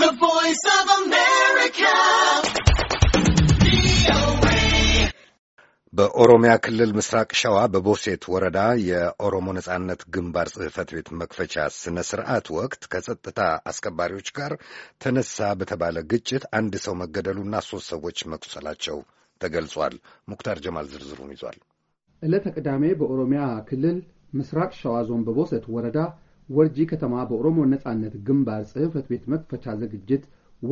The Voice of America. በኦሮሚያ ክልል ምስራቅ ሸዋ በቦሴት ወረዳ የኦሮሞ ነጻነት ግንባር ጽህፈት ቤት መክፈቻ ስነ ስርዓት ወቅት ከጸጥታ አስከባሪዎች ጋር ተነሳ በተባለ ግጭት አንድ ሰው መገደሉና ሶስት ሰዎች መቁሰላቸው ተገልጿል። ሙክታር ጀማል ዝርዝሩን ይዟል። ዕለተ ቅዳሜ በኦሮሚያ ክልል ምስራቅ ሸዋ ዞን በቦሴት ወረዳ ወርጂ ከተማ በኦሮሞ ነጻነት ግንባር ጽሕፈት ቤት መክፈቻ ዝግጅት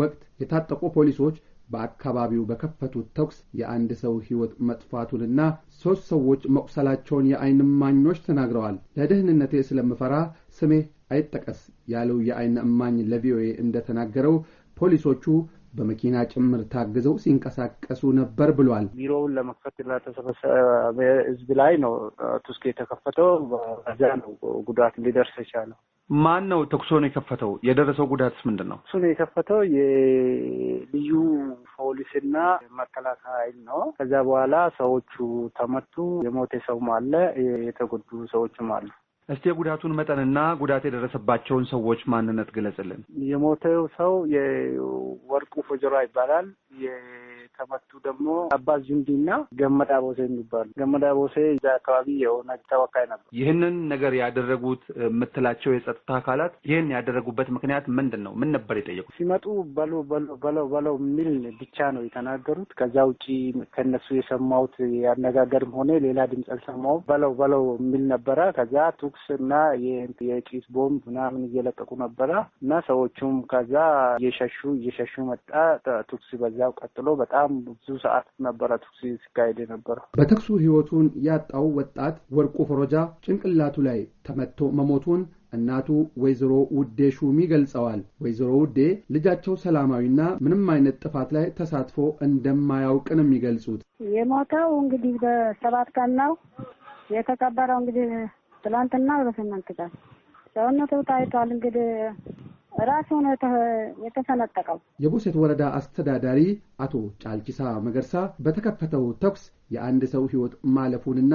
ወቅት የታጠቁ ፖሊሶች በአካባቢው በከፈቱት ተኩስ የአንድ ሰው ሕይወት መጥፋቱንና ሦስት ሰዎች መቁሰላቸውን የአይን እማኞች ተናግረዋል። ለደህንነቴ ስለምፈራ ስሜ አይጠቀስ ያለው የአይን እማኝ ለቪኦኤ እንደተናገረው ፖሊሶቹ በመኪና ጭምር ታግዘው ሲንቀሳቀሱ ነበር ብሏል። ቢሮውን ለመክፈት ለተሰበሰበ ህዝብ ላይ ነው ቱስክ የተከፈተው። በዛ ነው ጉዳት ሊደርስ የቻለው። ማን ነው ተኩሶን የከፈተው? የደረሰው ጉዳትስ ምንድን ነው? እሱን የከፈተው የልዩ ፖሊስና መከላከያ ኃይል ነው። ከዛ በኋላ ሰዎቹ ተመቱ። የሞተ ሰውም አለ፣ የተጎዱ ሰዎችም አሉ። እስቲ የጉዳቱን መጠንና ጉዳት የደረሰባቸውን ሰዎች ማንነት ግለጽልን። የሞተው ሰው የወርቁ ፉጅራ ይባላል። የተመቱ ደግሞ አባ ጅንዲና ገመዳ ቦሴ የሚባሉ ገመዳ ቦሴ እዛ አካባቢ የሆነ ተወካይ ነበር። ይህንን ነገር ያደረጉት የምትላቸው የጸጥታ አካላት ይህን ያደረጉበት ምክንያት ምንድን ነው? ምን ነበር የጠየቁት? ሲመጡ በሎ በሎ በሎ የሚል ብቻ ነው የተናገሩት። ከዛ ውጭ ከነሱ የሰማሁት ያነጋገርም ሆነ ሌላ ድምፅ አልሰማሁም። በለው በለው የሚል ነበረ። ከዛ ቱክስ እና የጭስ ቦምብ ምናምን እየለቀቁ ነበረ እና ሰዎቹም ከዛ እየሸሹ እየሸሹ መጣ። ቱክስ በዛው ቀጥሎ በጣም በጣም ብዙ ሰዓት ነበረ ተኩስ ሲካሄድ የነበረው። በተኩሱ ህይወቱን ያጣው ወጣት ወርቁ ፈሮጃ ጭንቅላቱ ላይ ተመትቶ መሞቱን እናቱ ወይዘሮ ውዴ ሹሚ ገልጸዋል። ወይዘሮ ውዴ ልጃቸው ሰላማዊና ምንም አይነት ጥፋት ላይ ተሳትፎ እንደማያውቅ ነው የሚገልጹት። የሞተው እንግዲህ በሰባት ቀን ነው የተቀበረው እንግዲህ ትላንትና በስምንት ቀን ሰውነቱ ታይቷል እንግዲህ ራሱ ነው የተሰነጠቀው። የቦሴት ወረዳ አስተዳዳሪ አቶ ጫልኪሳ መገርሳ በተከፈተው ተኩስ የአንድ ሰው ሕይወት ማለፉንና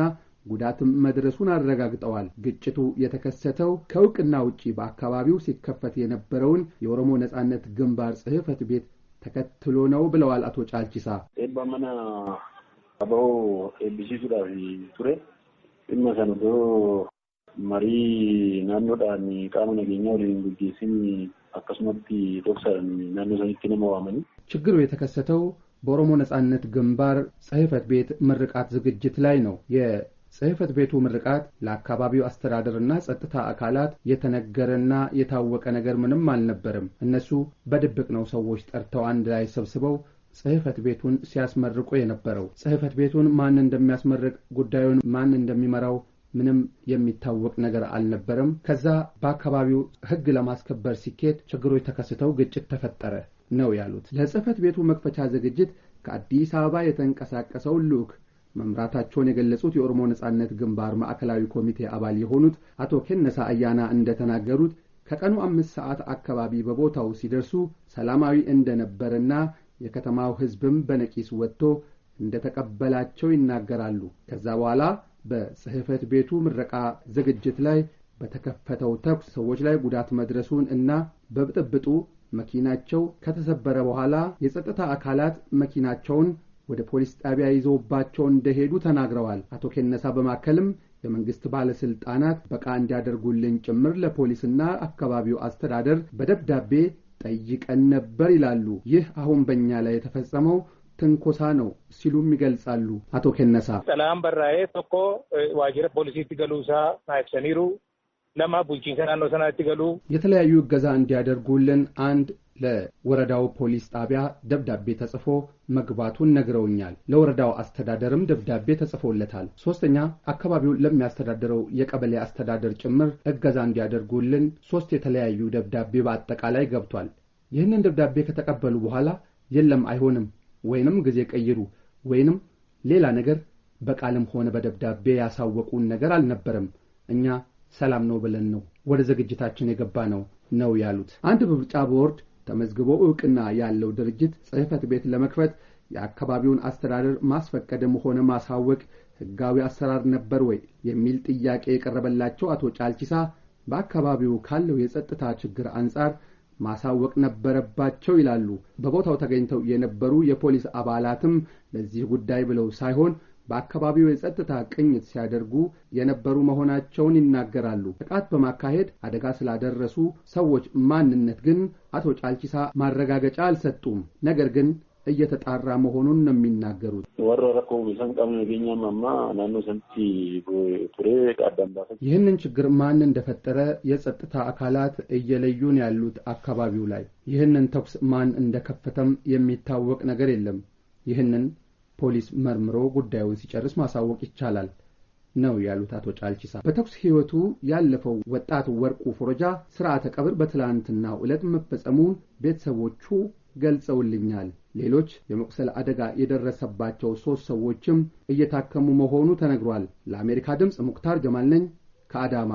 ጉዳትም መድረሱን አረጋግጠዋል። ግጭቱ የተከሰተው ከእውቅና ውጪ በአካባቢው ሲከፈት የነበረውን የኦሮሞ ነጻነት ግንባር ጽሕፈት ቤት ተከትሎ ነው ብለዋል አቶ ጫልቺሳ። ባመና አበው ቢሲሱዳ ቱሬ marii naannoodhaan qaama nageenyaa waliin gaggeessin akkasumatti dhoksan naannoo sanitti nama waamanii ችግሩ የተከሰተው በኦሮሞ ነጻነት ግንባር ጽሕፈት ቤት ምርቃት ዝግጅት ላይ ነው። የጽሕፈት ቤቱ ምርቃት ለአካባቢው አስተዳደርና ጸጥታ አካላት የተነገረና የታወቀ ነገር ምንም አልነበርም። እነሱ በድብቅ ነው ሰዎች ጠርተው አንድ ላይ ሰብስበው ጽሕፈት ቤቱን ሲያስመርቁ የነበረው። ጽሕፈት ቤቱን ማን እንደሚያስመርቅ ጉዳዩን ማን እንደሚመራው ምንም የሚታወቅ ነገር አልነበረም። ከዛ በአካባቢው ህግ ለማስከበር ሲኬድ ችግሮች ተከስተው ግጭት ተፈጠረ ነው ያሉት። ለጽህፈት ቤቱ መክፈቻ ዝግጅት ከአዲስ አበባ የተንቀሳቀሰው ልዑክ መምራታቸውን የገለጹት የኦሮሞ ነጻነት ግንባር ማዕከላዊ ኮሚቴ አባል የሆኑት አቶ ኬነሳ አያና እንደተናገሩት ከቀኑ አምስት ሰዓት አካባቢ በቦታው ሲደርሱ ሰላማዊ እንደነበርና የከተማው ህዝብም በነቂስ ወጥቶ እንደተቀበላቸው ይናገራሉ። ከዛ በኋላ በጽሕፈት ቤቱ ምረቃ ዝግጅት ላይ በተከፈተው ተኩስ ሰዎች ላይ ጉዳት መድረሱን እና በብጥብጡ መኪናቸው ከተሰበረ በኋላ የጸጥታ አካላት መኪናቸውን ወደ ፖሊስ ጣቢያ ይዘውባቸው እንደሄዱ ተናግረዋል። አቶ ኬነሳ በማከልም የመንግስት ባለስልጣናት በቃ እንዲያደርጉልን ጭምር ለፖሊስና አካባቢው አስተዳደር በደብዳቤ ጠይቀን ነበር ይላሉ። ይህ አሁን በእኛ ላይ የተፈጸመው ትንኮሳ ነው ሲሉም ይገልጻሉ። አቶ ኬነሳ ጠላም በራዬ ቶኮ ዋጅረ ፖሊሲ ትገሉሳ ናይሰኒሩ ለማ ቡልቺን ሰናኖ ሰናት ትገሉ የተለያዩ እገዛ እንዲያደርጉልን አንድ ለወረዳው ፖሊስ ጣቢያ ደብዳቤ ተጽፎ መግባቱን ነግረውኛል። ለወረዳው አስተዳደርም ደብዳቤ ተጽፎለታል። ሶስተኛ አካባቢው ለሚያስተዳድረው የቀበሌ አስተዳደር ጭምር እገዛ እንዲያደርጉልን ሶስት የተለያዩ ደብዳቤ በአጠቃላይ ገብቷል። ይህንን ደብዳቤ ከተቀበሉ በኋላ የለም አይሆንም ወይንም ጊዜ ቀይሩ ወይንም ሌላ ነገር በቃልም ሆነ በደብዳቤ ያሳወቁን ነገር አልነበረም። እኛ ሰላም ነው ብለን ነው ወደ ዝግጅታችን የገባ ነው ነው ያሉት። አንድ በምርጫ ቦርድ ተመዝግቦ ዕውቅና ያለው ድርጅት ጽሕፈት ቤት ለመክፈት የአካባቢውን አስተዳደር ማስፈቀድም ሆነ ማሳወቅ ሕጋዊ አሰራር ነበር ወይ የሚል ጥያቄ የቀረበላቸው አቶ ጫልቺሳ በአካባቢው ካለው የጸጥታ ችግር አንጻር ማሳወቅ ነበረባቸው ይላሉ። በቦታው ተገኝተው የነበሩ የፖሊስ አባላትም ለዚህ ጉዳይ ብለው ሳይሆን በአካባቢው የጸጥታ ቅኝት ሲያደርጉ የነበሩ መሆናቸውን ይናገራሉ። ጥቃት በማካሄድ አደጋ ስላደረሱ ሰዎች ማንነት ግን አቶ ጫልቺሳ ማረጋገጫ አልሰጡም። ነገር ግን እየተጣራ መሆኑን ነው የሚናገሩት። ይህንን ችግር ማን እንደፈጠረ የጸጥታ አካላት እየለዩን ያሉት አካባቢው ላይ ይህንን ተኩስ ማን እንደከፈተም የሚታወቅ ነገር የለም። ይህንን ፖሊስ መርምሮ ጉዳዩን ሲጨርስ ማሳወቅ ይቻላል ነው ያሉት አቶ ጫልቺሳ። በተኩስ ሕይወቱ ያለፈው ወጣት ወርቁ ፎረጃ ስርዓተ ቀብር በትላንትናው ዕለት መፈጸሙን ቤተሰቦቹ ገልጸውልኛል። ሌሎች የመቁሰል አደጋ የደረሰባቸው ሦስት ሰዎችም እየታከሙ መሆኑ ተነግሯል። ለአሜሪካ ድምፅ ሙክታር ጀማል ነኝ ከአዳማ